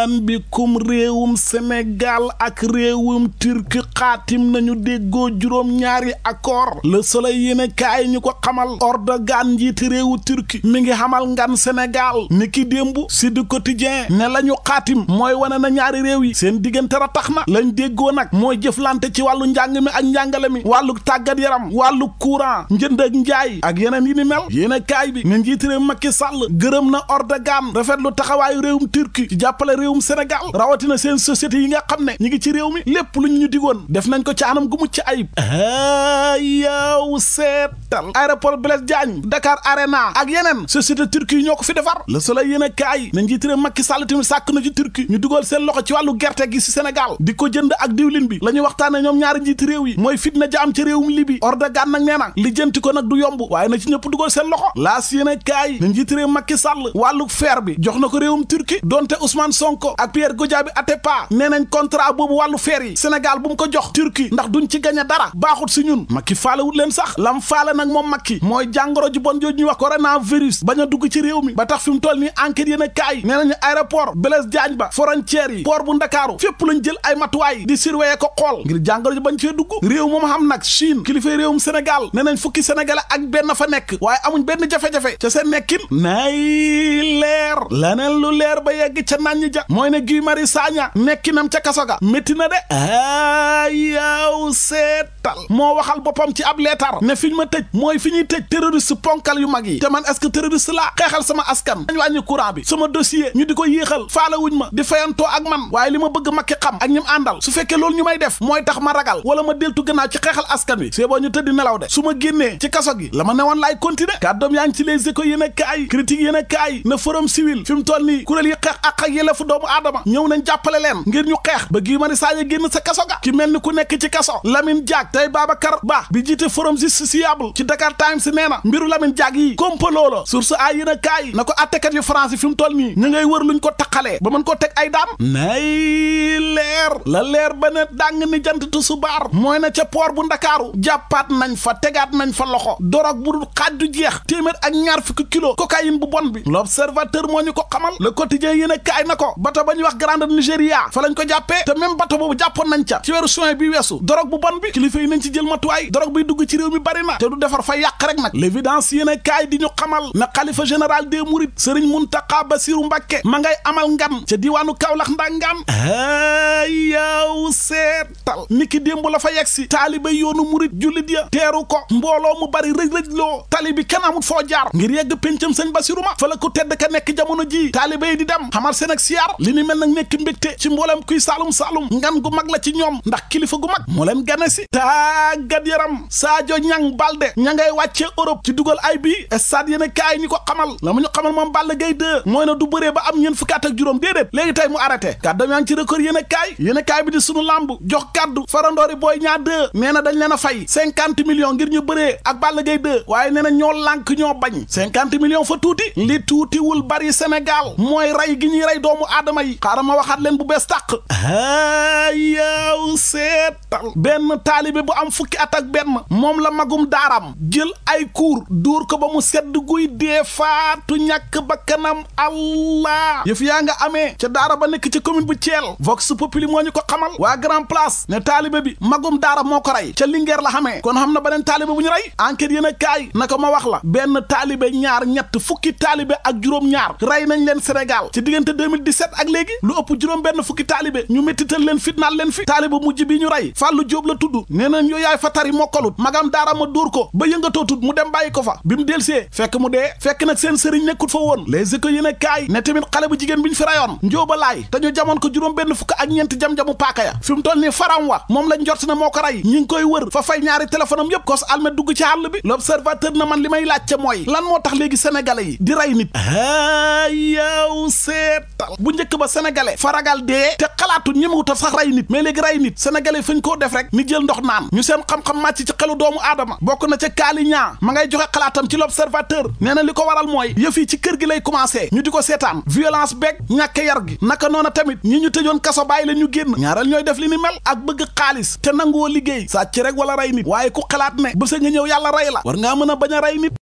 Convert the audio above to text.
salaam bikum réewum Sénégal ak réewum turki xaatim nañu déggoo juróom-ñaari accord le soleil yéen kaay ñu ko xamal Erdogan njiiti réewu turki mi ngi xamal ngan Sénégal ni ki démb si du quotidien ne la ñu xaatim mooy wane na ñaari réew yi seen diggante ra tax na lañ déggoo nag mooy jëflante ci wàllu njàng mi ak njàngale mi wàllu tàggat yaram wàllu courant njënd ak njaay ak yeneen yi ni mel yéen kaay bi ne njiiti réew Macky Sall gërëm na Erdogan rafetlu taxawaayu réewum turki ci jàppale réew réewum Sénégal rawatina seen société yi nga xam ne ñi ngi ci réew mi lépp lu ñu digoon def nañ ko ci anam gu mucc ayib yow seetal aéroport Blaise Diagne Dakar Arena ak yeneen société turque yi ñoo ko fi defar la Soleil yéen a kaay nañ njiit réew Macky Sall tamit sàkk na ci turki ñu dugal seen loxo ci wàllu gerte gi si Sénégal di ko jënd ak diwlin bi la ñuy waxtaane ñoom ñaari njiit réew yi mooy fitna ja am ci réewum Libi Erdogan nag nee na li jënti ko nag du yomb waaye na ci ñëpp dugal seen loxo laas yéen a kaay na njiit réew wàllu fer bi jox na ko réewum Sonko ak Pierre Goudiaby Atepa nee nañ contrat boobu wàllu feer yi Sénégal bu mu ko jox Turquie ndax duñ ci gañe dara baaxut si ñun Macky faalewut leen sax lam faale nag moom Macky mooy jàngoro ji bon jooju ñuy wax coronavirus bañ a dugg ci réew mi ba tax fi mu toll nii enquête yéen a kaay nee nañu aéroport Blaise Diagne ba frontière yi port bu Ndakaaru fépp lañ jël ay matuwaay di surveiller ko xool ngir jàngoro ji bañ fee dugg réew moom am nag Chine kilifay réewum Sénégal nee nañ fukki sénégalais ak benn fa nekk waaye amuñ benn jafe-jafe ca nekkin nay leer laneen lu leer ba yegg ca naan ñi mooy ne Guy Marius Sagna nekkinam ca kaso ga métti na de ayaw seet gàttal moo waxal boppam ci ab leetar ne fi ñu ma tëj mooy fi ñuy tëj terroriste ponkal yu mag yi te man est-ce que terroriste laa xeexal sama askan dañ wàññi courant bi sama dossier ñu di ko yéexal faala wuñ ma di fayantoo ak man waaye li ma bëgg makki xam ak ñim àndal su fekkee loolu ñu may def mooy tax ma ragal wala ma deltu gannaaw ci xeexal askan wi see boo ñu tëddi nelaw de su ma génnee ci kaso gi la ma ne newoon laay continuer kàddoom yaa ngi ci les échos yéen a kaay critique yéen a kaay na forum civil fi mu toll nii kuréel yi xeex ak ak yelleefu doomu aadama ñëw nañ jàppale leen ngir ñu xeex ba Guy Marius Sagna sa kaso ga ki mel ni ku nekk ci kaso Lamine Diack tey Babacar Ba bi jiite forum justiciable ci Dakar Times nee na mbiru Lamine Diack yi complot la source ay yéen a na ko attekat yu France yi fi mu toll nii ñu ngay wër luñ ko taqalee ba mën ko teg ay daam nay leer la leer ba ne dang ni jant tu baar mooy na ca port bu Ndakaaru jàppaat nañ fa tegaat nañ fa loxo dorog bu xaaj du jeex téeméer ak ñaar fukki kilo cocaïne bu bon bi l'observateur moo ñu ko xamal le quotidien yéen a kaay na ko bato ba ñu wax Grande Nigeria fa lañ ko jàppee te même bato boobu jàppoon nañ ca ci weeru autorité yi nañ ci jël matuwaay drogue bi dugg ci réew mi bari na te du defar fa yàq rek nag l'évidence yéen a kaay di ñu xamal na xalifa général des mourides sëriñ Muntaqa Basiru Mbàkke ma ngay amal ngam ca diiwaanu Kaolack ndaa ngam niki démb la fa yegsi taalibe yoonu murit jullit ya teeru ko mbooloo mu bari rëj-rëj loo tali bi kenn amul foo jaar ngir yegg péncam sëñ Basiru ma fa la ko tedd ka nekk jamono ji taalibe yi di dem xamar seen ak siyaar li ni mel nag nekk mbégte ci mboolem kuy saalum-saalum ngan gu mag la ci ñoom ndax kilifa gu mag moo leen gane si tàggat yaram Sadio Ñang Balde ña ngay wàccee Europe ci dugal ay bi stade yéen a kaay ko xamal la mu ñu xamal moom Balla Gaye 2 mooy na du bëree ba am ñeen fukkaat ak juróom déedéet léegi tey yéen a kaay yéen a kaay bi di sunu làmb jox tontu farandoori booy ñaa deux nee na dañ leen a fay cinquante millions ngir ñu bëree ak Balla gay deux waaye nee na ñoo lànk ñoo bañ cinquante millions fa tuuti li tuutiwul bari Sénégal mooy rey gi ñuy rey doomu aadama yi xaaral ma waxaat leen bu bees tàq ayaw seetal benn taalibe bu am fukki at ak benn moom la magum daaram jël ay kuur dóor ko ba mu sedd guy dee faatu ñàkk bakkanam allah yëf yaa nga amee ca daara ba nekk ci commune bu Thiel waa Grand Place taalibe bi magum daara moo ko rey ca Linguère la xamee kon xam na beneen taalibe bu ñu rey enquête yéen a kaay naka ma wax la benn taalibe ñaar ñett fukki taalibe ak juróom-ñaar rey nañ leen Sénégal ci diggante 2017 ak léegi lu ëpp juróom benn fukki taalibe ñu méttital leen fitnaal leen fi taalibe mujj bi ñu rey Fallou Diop la tudd nee nañ yaay fa tari mokkalut magam daara ma dóor ko ba yëngatootut mu dem bàyyi ko fa bi mu delsee fekk mu dee fekk a kaay ne tamit xale bu jigéen bi ñu fi reyoon njóobalaay te ñu jamoon ko juróom benn fukk ak ñeent jam-jamu ba moom lañ jot ne moo ko rey ñu ngi koy wër fa fay ñaari téléphone am yëpp kos almet dugg ci àll bi l'observateur na man li may laajte mooy lan moo tax léegi sénégalais yi di rey nit ayaw seetal bu njëkk ba sénégalais fa ragal dee te xalaatu ñemewuta sax rey nit mais léegi rey nit sénégalais fañ koo def rek ni jël ndox naan ñu seen xam-xam màcc ci xelu doomu aadama bokk na ca kaali ñaa ma ngay joxe xalaatam ci l'observateur nee na li ko waral mooy yëf yi ci kër gi lay commencé ñu di ko seetaan violence beeg ñàkk yar gi naka noona tamit ñi ñu tëjoon kaso bàyyi la ñu génn ñaaral ñooy def li ni mel ak bëgg bëgg xaalis te nangoo liggéey sàcc rek wala rey nit waaye ku xalaat ne bés nga ñëw yàlla rey la war ngaa mën a baña ray rey nit